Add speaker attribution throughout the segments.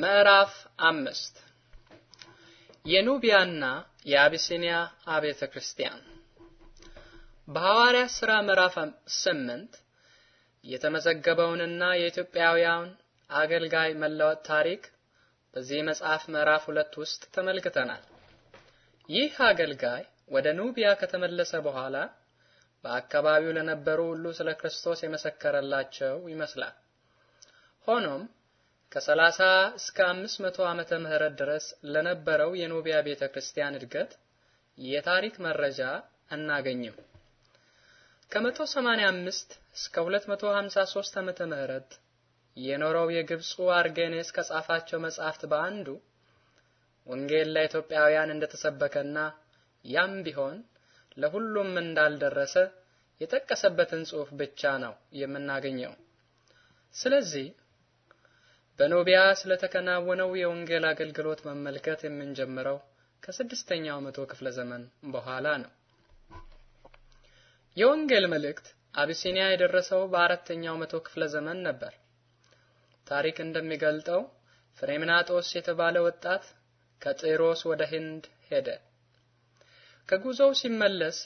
Speaker 1: ምዕራፍ አምስት የኑቢያና የአቢሲኒያ አቤተ ክርስቲያን በሐዋርያ ሥራ ምዕራፍ ስምንት የተመዘገበውንና የኢትዮጵያውያን አገልጋይ መለወጥ ታሪክ በዚህ መጽሐፍ ምዕራፍ ሁለት ውስጥ ተመልክተናል። ይህ አገልጋይ ወደ ኑቢያ ከተመለሰ በኋላ በአካባቢው ለነበሩ ሁሉ ስለ ክርስቶስ የመሰከረላቸው ይመስላል። ሆኖም ከ30 እስከ 500 ዓመተ ምህረት ድረስ ለነበረው የኖቢያ ቤተ ክርስቲያን እድገት የታሪክ መረጃ አናገኝም። ከ185 እስከ 253 ዓመተ ምህረት የኖረው የግብፁ አርጌኔስ ከጻፋቸው መጻሕፍት በአንዱ ወንጌል ለኢትዮጵያውያን እንደተሰበከና ያም ቢሆን ለሁሉም እንዳልደረሰ የጠቀሰበትን ጽሑፍ ብቻ ነው የምናገኘው። ስለዚህ በኖቢያ ስለተከናወነው የወንጌል አገልግሎት መመልከት የምንጀምረው ከስድስተኛው መቶ ክፍለ ዘመን በኋላ ነው። የወንጌል መልእክት አቢሲኒያ የደረሰው በአራተኛው መቶ ክፍለ ዘመን ነበር። ታሪክ እንደሚገልጠው ፍሬምናጦስ የተባለ ወጣት ከጢሮስ ወደ ህንድ ሄደ። ከጉዞው ሲመለስ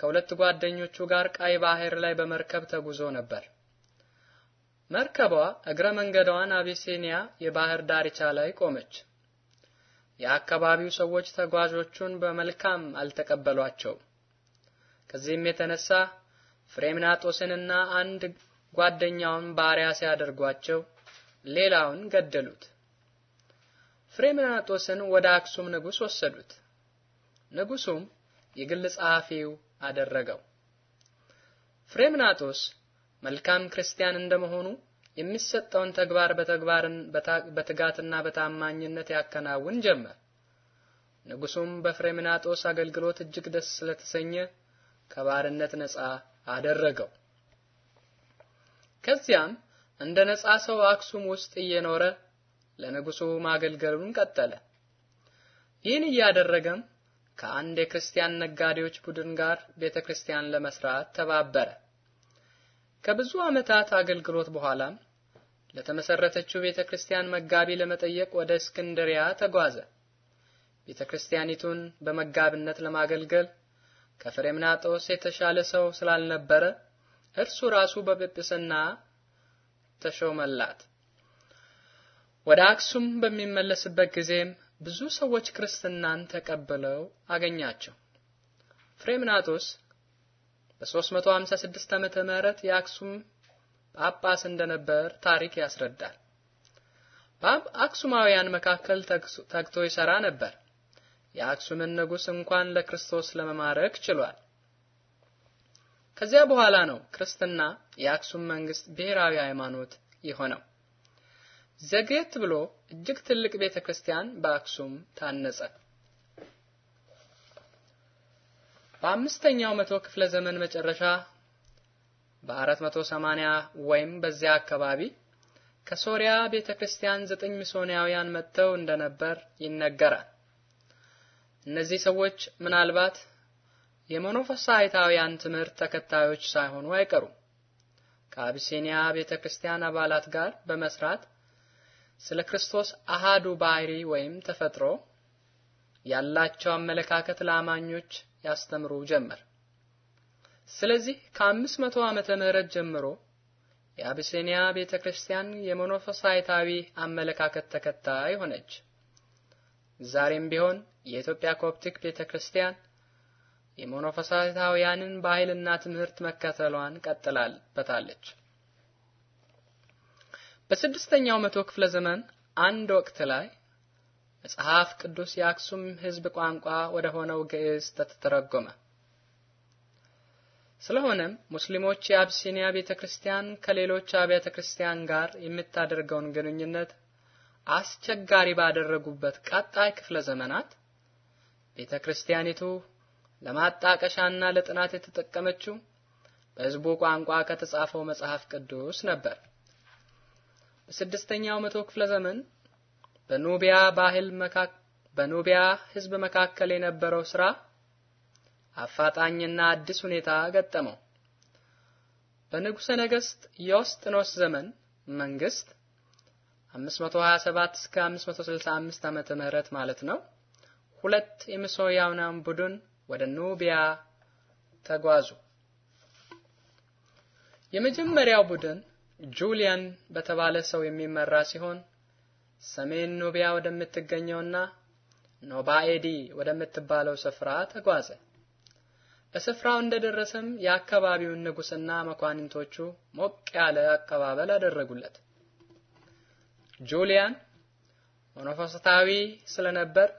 Speaker 1: ከሁለት ጓደኞቹ ጋር ቀይ ባህር ላይ በመርከብ ተጉዞ ነበር። መርከቧ እግረ መንገዷን አቢሲኒያ የባህር ዳርቻ ላይ ቆመች። የአካባቢው ሰዎች ተጓዦቹን በመልካም አልተቀበሏቸው። ከዚህም የተነሳ ፍሬምናጦስንና አንድ ጓደኛውን ባሪያ ሲያደርጓቸው ሌላውን ገደሉት። ፍሬምናጦስን ወደ አክሱም ንጉሥ ወሰዱት። ንጉሡም የግል ጸሐፊው አደረገው። ፍሬምናጦስ መልካም ክርስቲያን እንደመሆኑ የሚሰጠውን ተግባር በተግባርን በትጋትና በታማኝነት ያከናውን ጀመር። ንጉሱም በፍሬምናጦስ አገልግሎት እጅግ ደስ ስለተሰኘ ከባርነት ነፃ አደረገው። ከዚያም እንደ ነፃ ሰው አክሱም ውስጥ እየኖረ ለንጉሱ ማገልገሉን ቀጠለ። ይህን እያደረገም ከአንድ የክርስቲያን ነጋዴዎች ቡድን ጋር ቤተክርስቲያን ለመስራት ተባበረ። ከብዙ ዓመታት አገልግሎት በኋላም ለተመሰረተችው ቤተ ክርስቲያን መጋቢ ለመጠየቅ ወደ እስክንድሪያ ተጓዘ። ቤተ ክርስቲያኒቱን በመጋብነት ለማገልገል ከፍሬምናጦስ የተሻለ ሰው ስላልነበረ እርሱ ራሱ በጵጵስና ተሾመላት። ወደ አክሱም በሚመለስበት ጊዜም ብዙ ሰዎች ክርስትናን ተቀብለው አገኛቸው። ፍሬምናጦስ በ356 ዓመተ ምህረት የአክሱም ጳጳስ እንደነበር ታሪክ ያስረዳል። በአክሱማውያን መካከል ተግቶ ይሰራ ነበር። የአክሱምን ንጉስ እንኳን ለክርስቶስ ለመማረክ ችሏል። ከዚያ በኋላ ነው ክርስትና የአክሱም መንግስት ብሔራዊ ሃይማኖት የሆነው። ዘግየት ብሎ እጅግ ትልቅ ቤተ ክርስቲያን በአክሱም ታነጸ። በአምስተኛው መቶ ክፍለ ዘመን መጨረሻ በ480 ወይም በዚያ አካባቢ ከሶሪያ ቤተክርስቲያን ዘጠኝ ሚሶናውያን መጥተው እንደነበር ይነገራል። እነዚህ ሰዎች ምናልባት የሞኖፈሳይታውያን ትምህርት ተከታዮች ሳይሆኑ አይቀሩም። ከአቢሲኒያ ቤተ ክርስቲያን አባላት ጋር በመስራት ስለ ክርስቶስ አሃዱ ባህሪ ወይም ተፈጥሮ ያላቸው አመለካከት ለአማኞች ያስተምሩ ጀመር። ስለዚህ ከ መቶ ዓመተ ምህረት ጀምሮ የአብሲኒያ ቤተክርስቲያን የሞኖፎሳይታዊ አመለካከት ተከታይ ሆነች። ዛሬም ቢሆን የኢትዮጵያ ኮፕቲክ ቤተክርስቲያን የሞኖፎሳይታውያንን ባህልና ትምህርት መከተሏን ቀጥላበታለች። በስድስተኛው መቶ ክፍለ ዘመን አንድ ወቅት ላይ መጽሐፍ ቅዱስ የአክሱም ሕዝብ ቋንቋ ወደ ሆነው ግዕዝ ተተረጎመ። ስለሆነም ሙስሊሞች የአብሲኒያ ቤተክርስቲያን ከሌሎች አብያተ ክርስቲያን ጋር የምታደርገውን ግንኙነት አስቸጋሪ ባደረጉበት ቀጣይ ክፍለ ዘመናት ቤተ ክርስቲያኒቱ ለማጣቀሻና ለጥናት የተጠቀመችው በሕዝቡ ቋንቋ ከተጻፈው መጽሐፍ ቅዱስ ነበር። በስድስተኛው መቶ ክፍለ ዘመን በኑቢያ ባህል በኑቢያ ህዝብ መካከል የነበረው ስራ አፋጣኝና አዲስ ሁኔታ ገጠመው። በንጉሰ ነገስት የውስጥኖስ ዘመን መንግስት 527 እስከ 565 ዓመተ ምህረት ማለት ነው። ሁለት የምሶያውናን ቡድን ወደ ኑቢያ ተጓዙ። የመጀመሪያው ቡድን ጁሊያን በተባለ ሰው የሚመራ ሲሆን ሰሜን ኑቢያ ወደምትገኘውና ኖባኤዲ ወደምትባለው ስፍራ ተጓዘ። በስፍራው እንደደረሰም የአካባቢውን ንጉስና መኳንንቶቹ ሞቅ ያለ አቀባበል አደረጉለት። ጁሊያን መነኮሳታዊ ስለነበር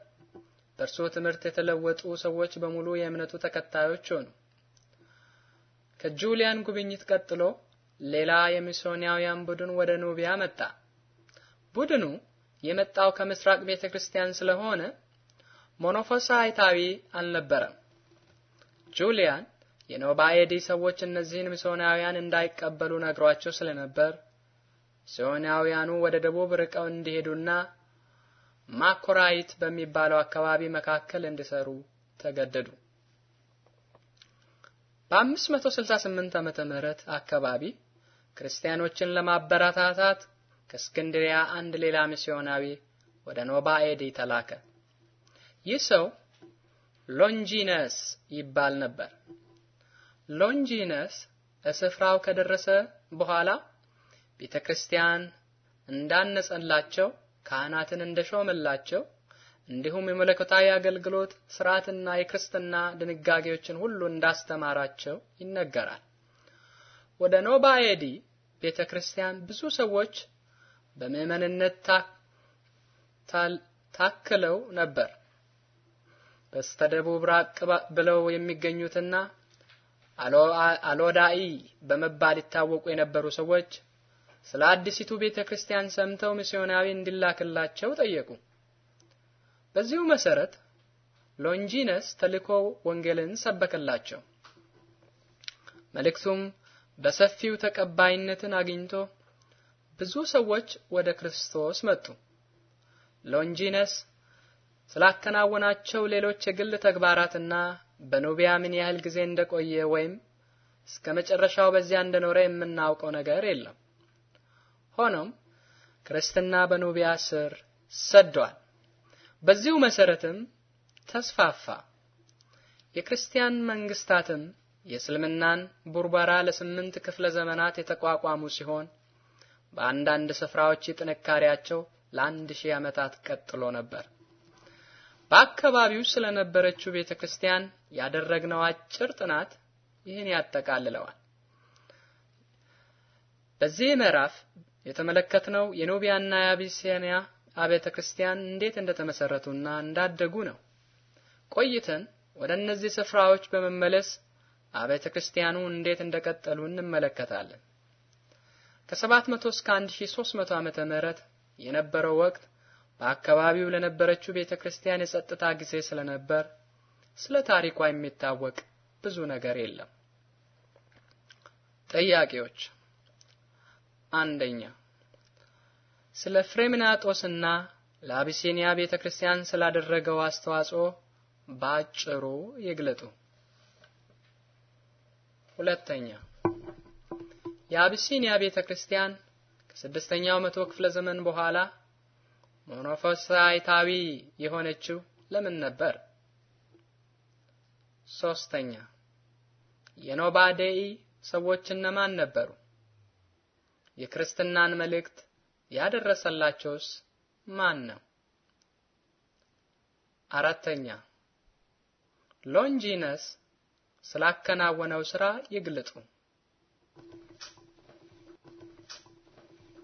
Speaker 1: በእርሱ ትምህርት የተለወጡ ሰዎች በሙሉ የእምነቱ ተከታዮች ሆኑ። ከጁሊያን ጉብኝት ቀጥሎ ሌላ የሚስዮናውያን ቡድን ወደ ኑቢያ መጣ። ቡድኑ የመጣው ከምስራቅ ቤተ ክርስቲያን ስለሆነ ሞኖፎሳይታዊ አልነበረም። ጁሊያን የኖባኤዲ ሰዎች እነዚህን ሚስዮናውያን እንዳይቀበሉ ነግሯቸው ስለነበር ሚስዮናውያኑ ወደ ደቡብ ርቀው እንዲሄዱና ማኮራይት በሚባለው አካባቢ መካከል እንዲሰሩ ተገደዱ። በ568 ዓመተ ምህረት አካባቢ ክርስቲያኖችን ለማበረታታት ከእስክንድሪያ አንድ ሌላ ሚስዮናዊ ወደ ኖባኤዲ ተላከ። ይህ ሰው ሎንጂነስ ይባል ነበር። ሎንጂነስ እስፍራው ከደረሰ በኋላ ቤተ ክርስቲያን እንዳነጸላቸው፣ ካህናትን እንደሾመላቸው እንዲሁም የመለኮታዊ አገልግሎት ስርዓትና የክርስትና ድንጋጌዎችን ሁሉ እንዳስተማራቸው ይነገራል። ወደ ኖባኤዲ ቤተ ክርስቲያን ብዙ ሰዎች በምእመንነት ታክለው ነበር። በስተደቡብ ራቅ ብለው የሚገኙትና አሎዳኢ በመባል ይታወቁ የነበሩ ሰዎች ስለ አዲሲቱ ቤተ ክርስቲያን ሰምተው ሚስዮናዊ እንዲላክላቸው ጠየቁ። በዚሁ መሰረት ሎንጂነስ ተልኮ ወንጌልን ሰበከላቸው። መልእክቱም በሰፊው ተቀባይነትን አግኝቶ ብዙ ሰዎች ወደ ክርስቶስ መጡ። ሎንጂነስ ስላከናወናቸው ሌሎች የግል ተግባራትና በኖቢያ ምን ያህል ጊዜ እንደቆየ ወይም እስከ መጨረሻው በዚያ እንደኖረ የምናውቀው ነገር የለም። ሆኖም ክርስትና በኖቢያ ስር ሰደዋል። በዚሁ መሰረትም ተስፋፋ። የክርስቲያን መንግስታትም የእስልምናን ቡርበራ ለስምንት ክፍለ ዘመናት የተቋቋሙ ሲሆን በአንዳንድ ስፍራዎች ጥንካሬያቸው ለአንድ ሺህ ዓመታት ቀጥሎ ነበር። በአካባቢው ስለነበረችው ቤተ ክርስቲያን ያደረግነው አጭር ጥናት ይህን ያጠቃልለዋል። በዚህ ምዕራፍ የተመለከትነው የኖቢያና የአቢሲኒያ አብያተ ክርስቲያን እንዴት እንደተመሰረቱና እንዳደጉ ነው። ቆይተን ወደ እነዚህ ስፍራዎች በመመለስ አብያተ ክርስቲያኑ እንዴት እንደቀጠሉ እንመለከታለን። ከ700 እስከ 1300 ዓመተ ምህረት የነበረው ወቅት በአካባቢው ለነበረችው ቤተክርስቲያን የጸጥታ ጊዜ ስለነበር ስለ ታሪኳ የሚታወቅ ብዙ ነገር የለም። ጥያቄዎች፣ አንደኛ ስለ ፍሬምናጦስና ለአቢሲኒያ ቤተክርስቲያን ስላደረገው አስተዋጽኦ በአጭሩ ይግለጡ። ሁለተኛ የአብሲኒያ ቤተ ክርስቲያን ከስድስተኛው መቶ ክፍለ ዘመን በኋላ ሞኖፎሳይታዊ የሆነችው ለምን ነበር? ሶስተኛ የኖባዴይ ሰዎች እነማን ነበሩ? የክርስትናን መልእክት ያደረሰላቸውስ ማን ነው? አራተኛ ሎንጂነስ ስላከናወነው ስራ ይግለጡ።